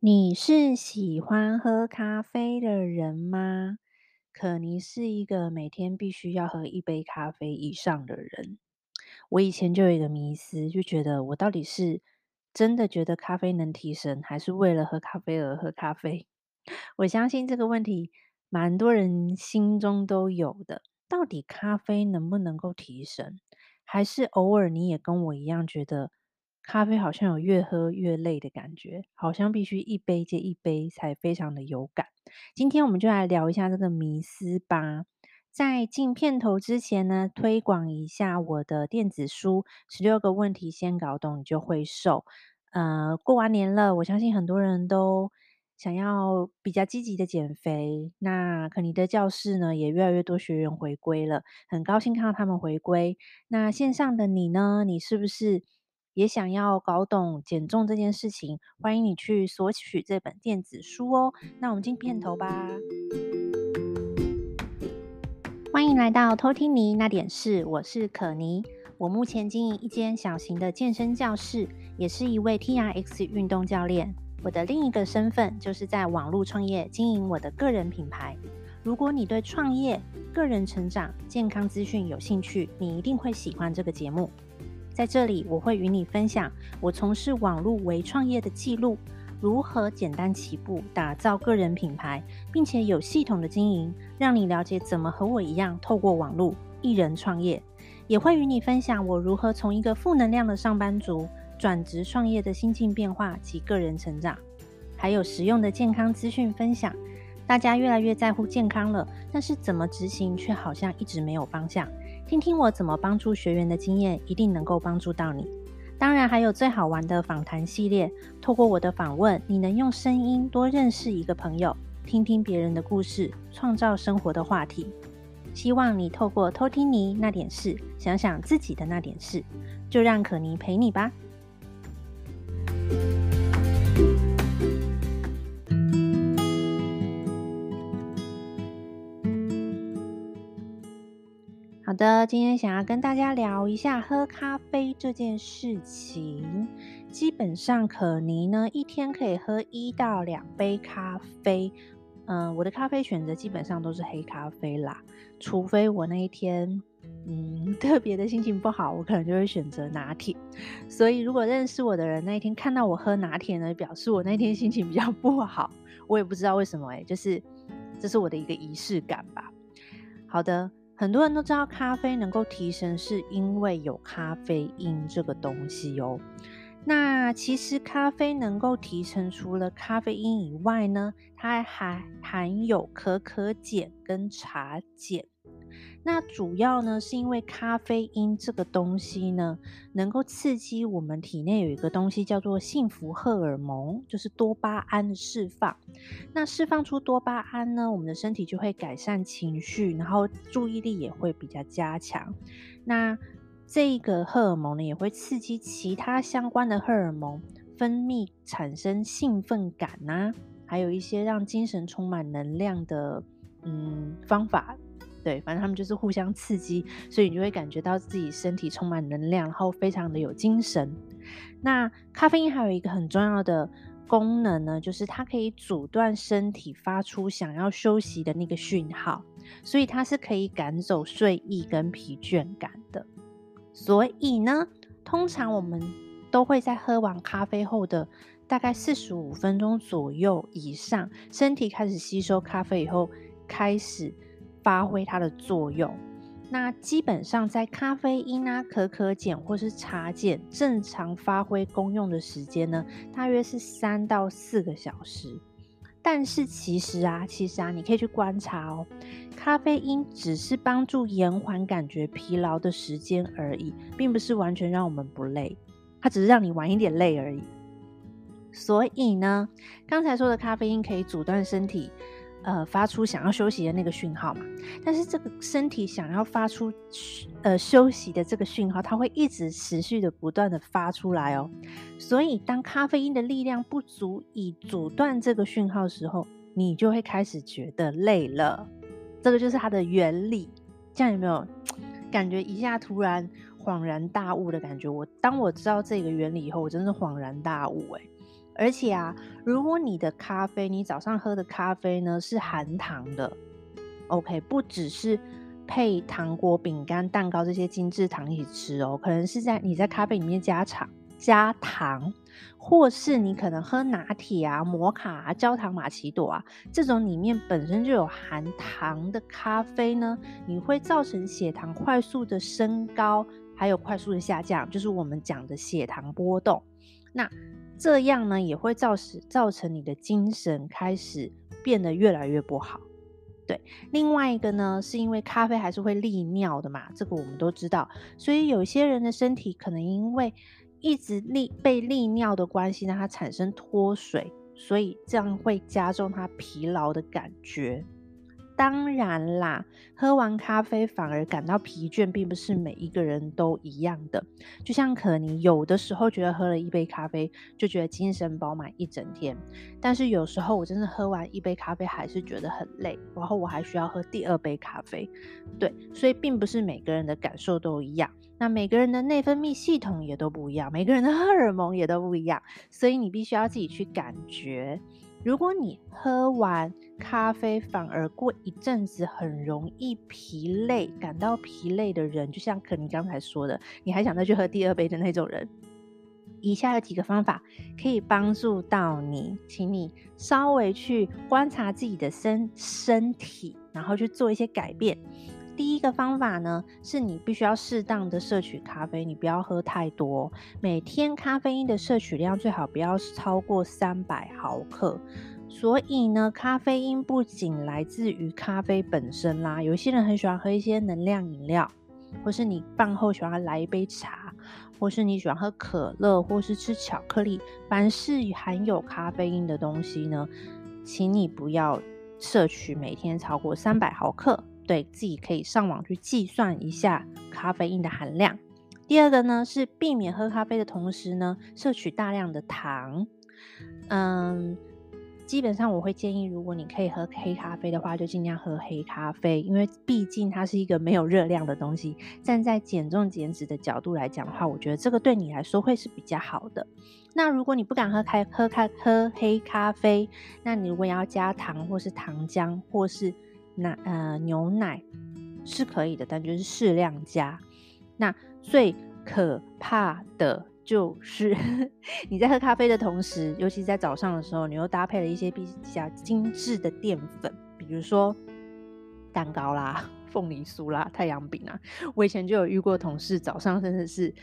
你是喜歡喝咖啡的人嗎？可你是一個每天必須要喝一杯咖啡以上的人。我以前就有一個迷思，就覺得我到底是真的覺得咖啡能提神，還是為了喝咖啡而喝咖啡？我相信這個問題，蠻多人心中都有的。到底咖啡能不能夠提神，還是偶爾你也跟我一樣覺得？咖啡好像有越喝越累的感覺，好像必須一杯接一杯才非常的有感。今天我們就來聊一下這個迷思吧。在進片頭之前呢，推廣一下我的電子書《十六個問題先搞懂，你就會瘦》。呃，過完年了，我相信很多人都想要比較積極的減肥。那可妮的教室呢，也越來越多學員回歸了，很高興看到他們回歸。那線上的你呢？你是不是也想要搞懂減重這件事情，歡迎你去索取這本電子書哦。那我們進片頭吧。歡迎來到偷聽妮那點事，我是可妮。我目前經營一間小型的健身教室，也是一位 TRX 運動教練。我的另一個身份就是在網絡創業經營我的個人品牌。如果你對創業、個人成長、健康資訊有興趣，你一定會喜歡這個節目。在這裡，我會與你分享我從事網絡微創業的記錄，如何簡單起步，打造個人品牌，並且有系統的經營，讓你了解怎麼和我一樣透過網絡一人創業。也會與你分享我如何從一個負能量的上班族轉職創業的心境變化及個人成長，還有實用的健康資訊分享。大家越來越在乎健康了，但是怎麼執行卻好像一直沒有方向。聽聽我怎麼幫助學員的經驗，一定能夠幫助到你。當然，還有最好玩的訪談系列，透過我的訪問，你能用聲音多認識一個朋友，聽聽別人的故事，創造生活的話題。希望你透過偷聽妮那點事，想想自己的那點事，就讓可妮陪你吧。好的，今天想要跟大家聊一下喝咖啡這件事情。基本上可妮呢，一天可以喝一到兩杯咖啡。嗯，我的咖啡選擇基本上都是黑咖啡啦，除非我那一天嗯，特別的心情不好，我可能就會選擇拿鐵。所以如果認識我的人那一天看到我喝拿鐵呢，表示我那天心情比較不好。我也不知道為什麼欸，就是這是我的一個儀式感吧。好的。很多人都知道咖啡能夠提神，是因為有咖啡因這個東西哦。那其實咖啡能夠提神，除了咖啡因以外呢，它還含有可可鹼跟茶鹼。那主要呢，是因為咖啡因這個東西呢，能夠刺激我們體內有一個東西叫做幸福荷爾蒙，就是多巴胺的釋放。那釋放出多巴胺呢，我們的身體就會改善情緒，然後注意力也會比較加強。那這一個荷爾蒙呢，也會刺激其他相關的荷爾蒙分泌，產生興奮感啊，還有一些讓精神充滿能量的嗯方法。對，反正他們就是互相刺激，所以你就會感覺到自己身體充滿能量，然後非常的有精神。那咖啡因還有一個很重要的功能呢，就是它可以阻斷身體發出想要休息的那個訊號，所以它是可以趕走睡意跟疲倦感的。所以呢，通常我們都會在喝完咖啡後的大概四十五分鐘左右以上，身體開始吸收咖啡以後開始。發揮它的作用。那基本上，在咖啡因啊、可可鹼或是茶鹼正常發揮功用的時間呢，大約是三到四個小時。但是其實啊，其實啊，你可以去觀察哦，咖啡因只是幫助延緩感覺疲勞的時間而已，並不是完全讓我們不累。它只是讓你晚一點累而已。所以呢，剛才說的咖啡因可以阻斷身體，呃，發出想要休息的那個訊號嘛，但是這個身體想要發出呃休息的這個訊號，它會一直持續的不斷的發出來哦。所以當咖啡因的力量不足以阻斷這個訊號的時候，你就會開始覺得累了。這個就是它的原理。這樣有沒有感覺一下突然恍然大悟的感覺？我當我知道這個原理以後，我真是恍然大悟欸。而且啊，如果你的咖啡，你早上喝的咖啡呢是含糖的，OK，不只是配糖果、餅乾、蛋糕這些精致糖一起吃哦，可能是在你在咖啡裡面加糖、加糖，或是你可能喝拿鐵啊、摩卡啊、焦糖瑪奇朵啊這種裡面本身就有含糖的咖啡呢，你會造成血糖快速的升高，還有快速的下降，就是我們講的血糖波動。那這樣呢，也會造使造成你的精神開始變得越來越不好。對，另外一個呢，是因為咖啡還是會利尿的嘛，這個我們都知道。所以有些人的身體可能因為一直利被利尿的關係，讓它產生脫水，所以這樣會加重它疲勞的感覺。當然啦，喝完咖啡反而感到疲倦，並不是每一個人都一樣的。就像可能你有的時候覺得喝了一杯咖啡就覺得精神飽滿一整天，但是有時候我真的喝完一杯咖啡還是覺得很累，然後我還需要喝第二杯咖啡。對，所以並不是每個人的感受都一樣。那每個人的內分泌系統也都不一樣，每個人的荷爾蒙也都不一樣，所以你必須要自己去感覺。如果你喝完咖啡，反而過一陣子很容易疲累，感到疲累的人，就像可妮剛才說的，你還想再去喝第二杯的那種人，以下有幾個方法可以幫助到你，請你稍微去觀察自己的身身體，然後去做一些改變。第一個方法呢，是你必須要適當的攝取咖啡，你不要喝太多。每天咖啡因的攝取量最好不要超過三百毫克。所以呢，咖啡因不僅來自於咖啡本身啦，有些人很喜歡喝一些能量飲料，或是你飯後喜歡來一杯茶，或是你喜歡喝可樂，或是吃巧克力。凡是含有咖啡因的東西呢，請你不要攝取每天超過三百毫克。對，自己可以上網去計算一下咖啡因的含量。第二個呢，是避免喝咖啡的同時呢，攝取大量的糖。嗯，基本上我會建議，如果你可以喝黑咖啡的話，就盡量喝黑咖啡，因為畢竟它是一個沒有熱量的東西。站在減重減脂的角度來講的話，我覺得這個對你來說會是比較好的。那如果你不敢喝開喝咖喝黑咖啡，那你如果要加糖或是糖漿或是。那呃，牛奶是可以的，但就是適量加。那最可怕的就是你在喝咖啡的同時，尤其在早上的時候，你又搭配了一些比較精致的澱粉，比如說蛋糕啦、鳳梨酥啦、太陽餅啊。我以前就有遇過同事，早上甚至是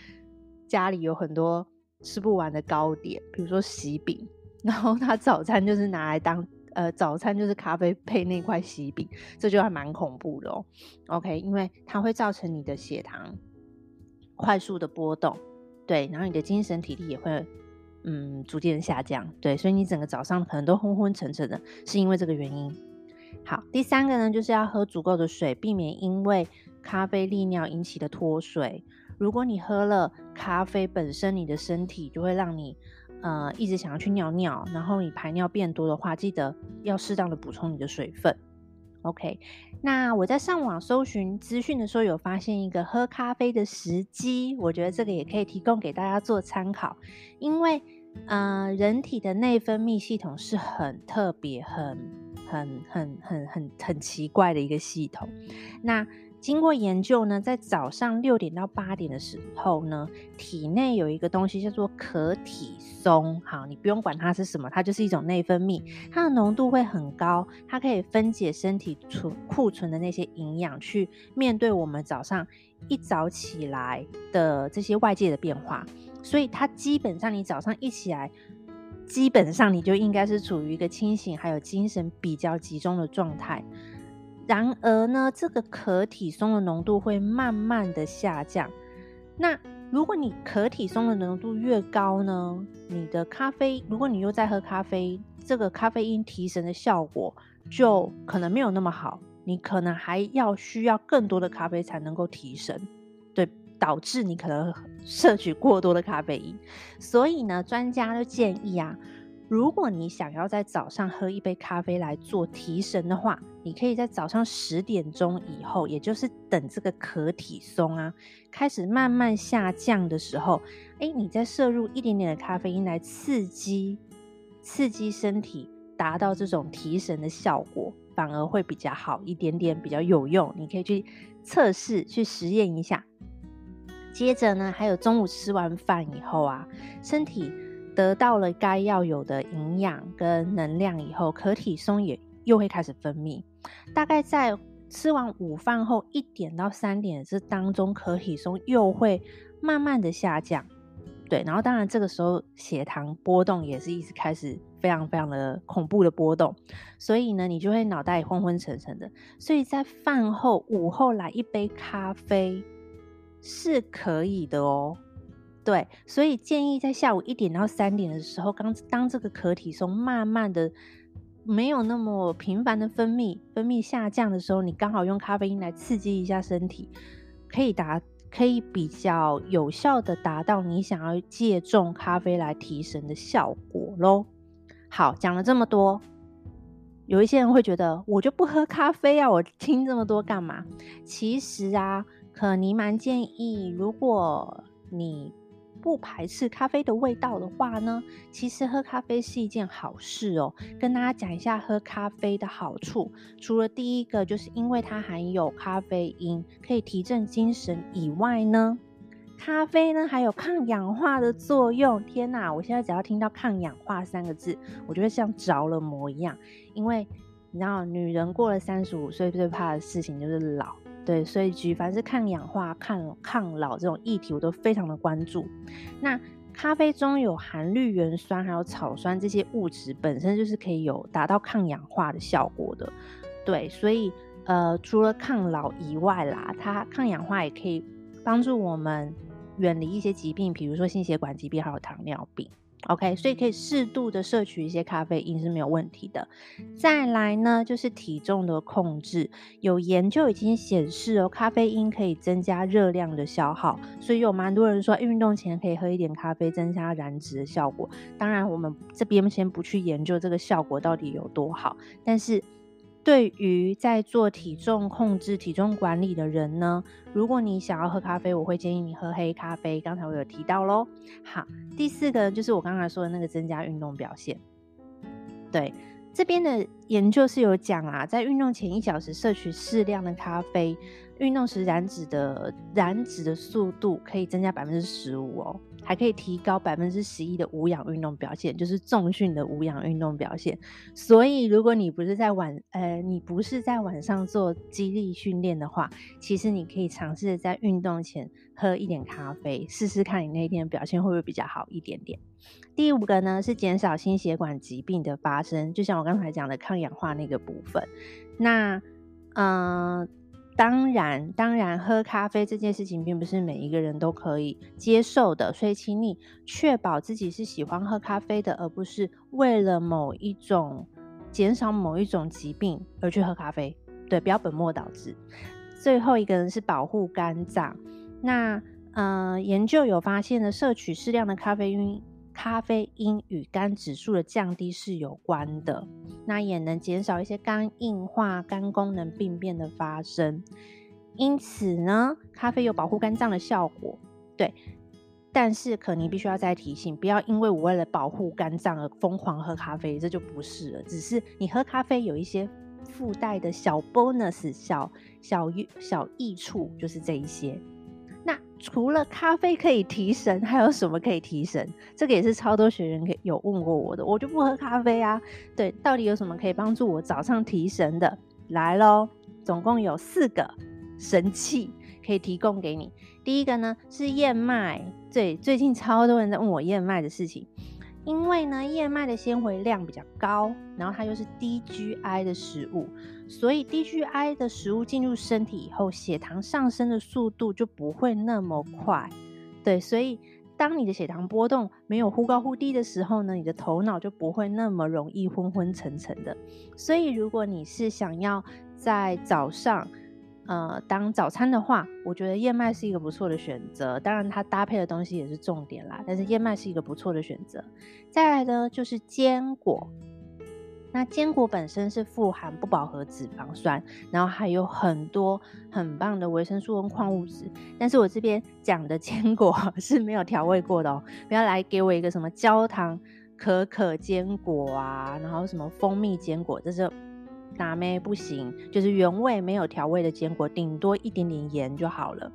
家裡有很多吃不完的糕點，比如說喜餅，然後他早餐就是拿來當。呃，早餐就是咖啡配那塊西餅，這就還蠻恐怖的哦。OK，因為它會造成你的血糖快速的波動，對，然後你的精神體力也會嗯逐漸下降，對，所以你整個早上可能都昏昏沉沉的，是因為這個原因。好，第三個呢，就是要喝足夠的水，避免因為咖啡利尿引起的脫水。如果你喝了咖啡本身，你的身體就會讓你。呃，一直想要去尿尿，然後你排尿變多的話，記得要適當的補充你的水分。OK，那我在上網搜尋資訊的時候，有發現一個喝咖啡的時機，我覺得這個也可以提供給大家做參考。因為，呃，人體的內分泌系統是很特別、很、很、很、很、很、很奇怪的一個系統。那經過研究呢，在早上六點到八點的時候呢，體內有一個東西叫做可體松，好，你不用管它是什麼，它就是一種內分泌，它的濃度會很高，它可以分解身體儲庫，庫存的那些營養，去面對我們早上一早起來的這些外界的變化，所以它基本上你早上一起來，基本上你就應該是處於一個清醒，還有精神比較集中的狀態。然而呢，這個可體松的濃度會慢慢的下降。那如果你可體松的濃度越高呢，你的咖啡，如果你又在喝咖啡，這個咖啡因提神的效果就可能沒有那麼好。你可能還要需要更多的咖啡才能夠提神，對，導致你可能攝取過多的咖啡因。所以呢，專家就建議啊。如果你想要在早上喝一杯咖啡來做提神的話，你可以在早上十點鐘以後，也就是等這個可體松啊開始慢慢下降的時候，哎，你再攝入一點點的咖啡因來刺激，刺激身體，達到這種提神的效果，反而會比較好，一點點比較有用。你可以去測試、去實驗一下。接着呢，還有中午吃完飯以後啊，身體。得到了該要有的營養跟能量以後，可體松也又會開始分泌，大概在吃完午飯後一點到三點這當中，可體松又會慢慢的下降。對，然後當然這個時候血糖波動也是一直開始非常非常的恐怖的波動，所以呢，你就會腦袋昏昏沉沉的。所以在飯後午後來一杯咖啡是可以的哦。對，所以建議在下午一點到三點的時候，剛當這個可體松慢慢的沒有那麼頻繁的分泌，分泌下降的時候，你剛好用咖啡因來刺激一下身體，可以達可以比較有效的達到你想要借重咖啡來提神的效果咯。好，講了這麼多，有一些人會覺得我就不喝咖啡啊，我聽這麼多幹嘛？其實啊，可妮蠻建議如果你不排斥咖啡的味道的話呢，其實喝咖啡是一件好事哦。跟大家講一下喝咖啡的好處，除了第一個就是因為它含有咖啡因，可以提振精神以外呢，咖啡呢還有抗氧化的作用。天哪，我現在只要聽到抗氧化三個字，我就會像着了魔一樣。因為你知道，女人過了三十五歲，最怕的事情就是老。對，所以舉凡是抗氧化、抗抗老這種議題，我都非常的關注。那咖啡中有含綠原酸，還有草酸這些物質，本身就是可以有達到抗氧化的效果的。對，所以呃，除了抗老以外啦，它抗氧化也可以幫助我們遠離一些疾病，比如說心血管疾病，還有糖尿病。OK，所以可以適度的攝取一些咖啡因是沒有問題的。再來呢，就是體重的控制。有研究已經顯示哦，咖啡因可以增加熱量的消耗，所以有蠻多人說運動前可以喝一點咖啡，增加燃脂的效果。當然，我們這邊先不去研究這個效果到底有多好，但是。對於在做體重控制、體重管理的人呢，如果你想要喝咖啡，我會建議你喝黑咖啡。剛才我有提到咯。好，第四個就是我剛才說的那個增加運動表現。對，這邊的研究是有講啊，在運動前一小時攝取適量的咖啡，運動時燃脂的，燃脂的速度可以增加百分之十五哦。還可以提高百分之十一的無氧運動表現，就是重訓的無氧運動表現。所以，如果你不是在晚呃，你不是在晚上做肌力訓練的話，其實你可以嘗試在運動前喝一點咖啡，試試看你那天表現會不會比較好一點點。第五個呢是減少心血管疾病的發生，就像我剛才講的抗氧化那個部分。那嗯。呃當然，當然，喝咖啡這件事情並不是每一個人都可以接受的，所以請你確保自己是喜歡喝咖啡的，而不是為了某一種減少某一種疾病而去喝咖啡。對，不要本末倒置。最後一個人是保護肝臟，那、呃、研究有發現的，攝取適量的咖啡因。咖啡因與肝指數的降低是有關的，那也能減少一些肝硬化、肝功能病變的發生。因此呢，咖啡有保護肝臟的效果，對。但是，可妮必須要再提醒，不要因為我為了保護肝臟而瘋狂喝咖啡，這就不是了。只是你喝咖啡有一些附帶的小 bonus、小小小益處，就是這一些。除了咖啡可以提神，還有什麼可以提神？這個也是超多學員有問過我的，我就不喝咖啡啊。對，到底有什麼可以幫助我早上提神的？來咯，總共有四個神器可以提供給你。第一個呢是燕麥，對，最近超多人在問我燕麥的事情，因為呢燕麥的纖維量比較高，然後它又是低 GI 的食物。所以低 GI 的食物進入身體以後，血糖上升的速度就不會那麼快，對，所以當你的血糖波動沒有忽高忽低的時候呢，你的頭腦就不會那麼容易昏昏沉沉的。所以如果你是想要在早上，呃，當早餐的話，我覺得燕麥是一個不錯的選擇。當然，它搭配的東西也是重點啦。但是燕麥是一個不錯的選擇。再來呢，就是堅果。那堅果本身是富含不飽和脂肪酸，然後還有很多很棒的維生素跟礦物質。但是我這邊講的堅果是沒有調味過的哦，不要來給我一個什麼焦糖可可堅果啊，然後什麼蜂蜜堅果，這是達咩不行，就是原味沒有調味的堅果，頂多一點點鹽就好了。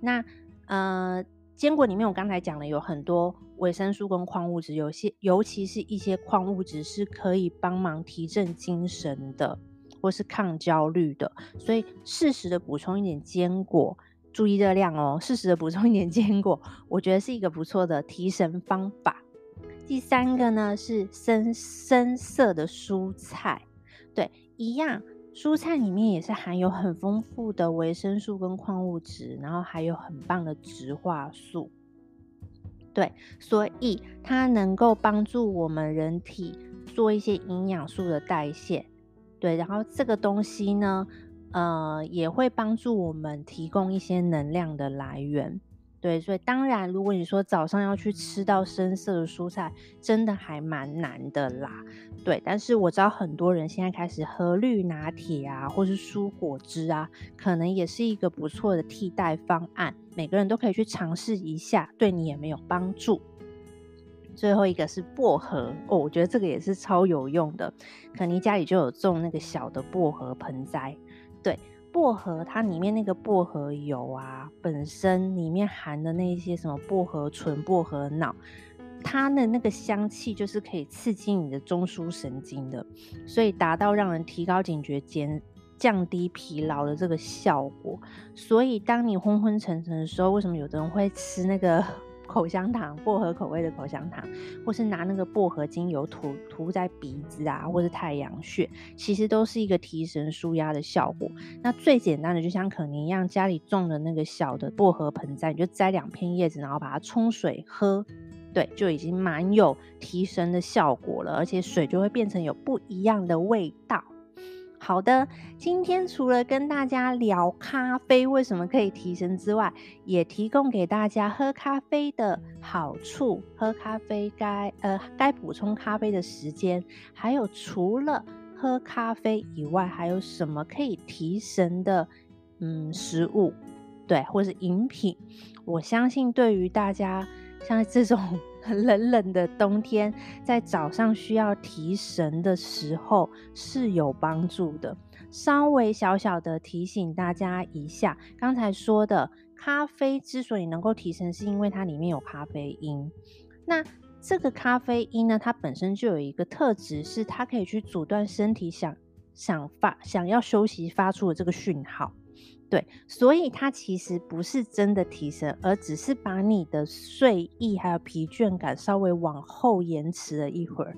那呃，堅果裡面我剛才講了，有很多。維生素跟礦物質，有些，尤其是一些礦物質，是可以幫忙提振精神的，或是抗焦慮的。所以適時的補充一點堅果，注意熱量哦。適時的補充一點堅果，我覺得是一個不錯的提神方法。第三個呢是深深色的蔬菜，對，一樣，蔬菜裡面也是含有很豐富的維生素跟礦物質，然後還有很棒的植化素。對，所以它能夠幫助我們人體做一些營養素的代謝。對，然後這個東西呢，呃，也會幫助我們提供一些能量的來源。對，所以當然，如果你說早上要去吃到深色的蔬菜，真的還蠻難的啦。對，但是我知道很多人現在開始喝綠拿鐵啊，或是蔬果汁啊，可能也是一個不錯的替代方案。每個人都可以去嘗試一下，對你也沒有幫助。最後一個是薄荷哦，我覺得這個也是超有用的。可能你家裡就有種那個小的薄荷盆栽，對。薄荷，它裡面那個薄荷油啊，本身裡面含的那一些什麼薄荷醇、薄荷腦，它的那個香氣就是可以刺激你的中樞神經的，所以達到讓人提高警覺減、減降低疲勞的這個效果。所以當你昏昏沉沉的時候，為什麼有的人會吃那個？口香糖，薄荷口味的口香糖，或是拿那個薄荷精油塗塗在鼻子啊，或是太陽穴，其實都是一個提神舒壓的效果。那最簡單的，就像可妮一樣，家裡種的那個小的薄荷盆栽，你就摘兩片葉子，然後把它沖水喝，對，就已經蠻有提神的效果了，而且水就會變成有不一樣的味道。好的，今天除了跟大家聊咖啡為什麼可以提神之外，也提供給大家喝咖啡的好處，喝咖啡該呃該補充咖啡的時間，還有除了喝咖啡以外，還有什麼可以提神的嗯食物，對，或是飲品。我相信對於大家像這種。很冷冷的冬天，在早上需要提神的時候是有幫助的。稍微小小的提醒大家一下，剛才說的咖啡之所以能夠提神，是因為它裡面有咖啡因。那這個咖啡因呢，它本身就有一個特質，是它可以去阻斷身體想想發想要休息發出的這個訊號。對，所以它其實不是真的提神，而只是把你的睡意還有疲倦感稍微往後延遲了一會兒。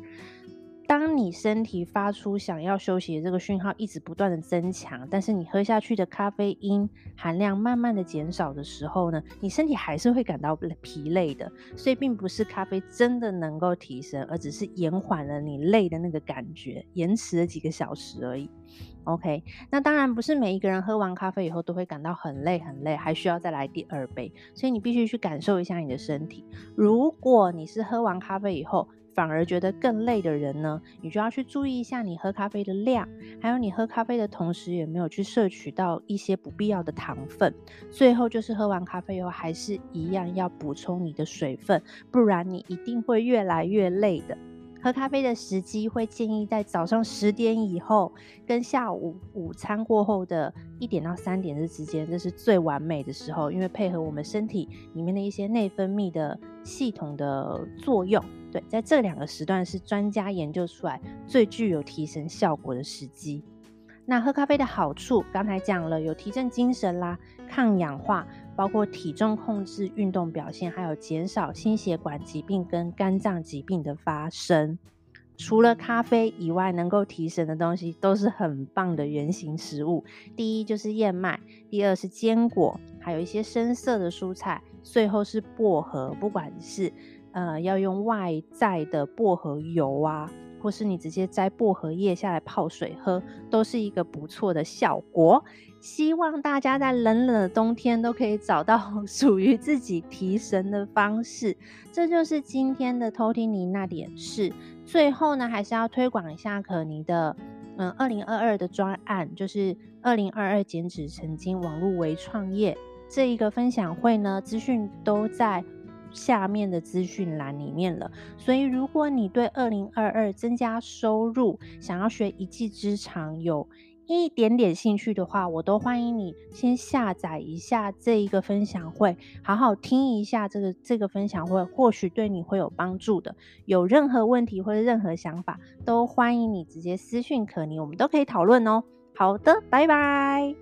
當你身體發出想要休息的這個訊號，一直不斷的增強，但是你喝下去的咖啡因含量慢慢的減少的時候呢，你身體還是會感到疲累的。所以，並不是咖啡真的能夠提神，而只是延緩了你累的那個感覺，延遲了幾個小時而已。OK，那當然不是每一個人喝完咖啡以後都會感到很累很累，還需要再來第二杯。所以，你必須去感受一下你的身體。如果你是喝完咖啡以後，反而覺得更累的人呢，你就要去注意一下你喝咖啡的量，還有你喝咖啡的同時有沒有去攝取到一些不必要的糖分。最後就是喝完咖啡以後還是一樣要補充你的水分，不然你一定會越來越累的。喝咖啡的時機會建議在早上十點以後，跟下午午餐過後的一點到三點之間，這是最完美的時候，因為配合我們身體裡面的一些內分泌的系統的作用。對，在這兩個時段是專家研究出來最具有提神效果的時機。那喝咖啡的好處，剛才講了，有提振精神啦，抗氧化，包括體重控制、運動表現，還有減少心血管疾病跟肝臟疾病的發生。除了咖啡以外，能夠提神的東西都是很棒的原型食物。第一就是燕麥，第二是堅果，還有一些深色的蔬菜，最後是薄荷，不管是。呃，要用外在的薄荷油啊，或是你直接摘薄荷葉下來泡水喝，都是一個不錯的效果。希望大家在冷冷的冬天都可以找到屬於自己提神的方式。這就是今天的偷聽妮那點事。最後呢，還是要推廣一下可妮的，嗯，二零二二的專案，就是二零二二減脂成金網絡輕創業。這一個分享會呢，資訊都在。下面的資訊欄裡面了。所以，如果你對二零二二增加收入，想要學一技之長，有一點點興趣的話，我都歡迎你先下載一下這一個分享會，好好聽一下這個這個分享會，或許對你會有幫助的。有任何問題或者任何想法，都歡迎你直接私訊可妮，我們都可以討論哦。好的，拜拜。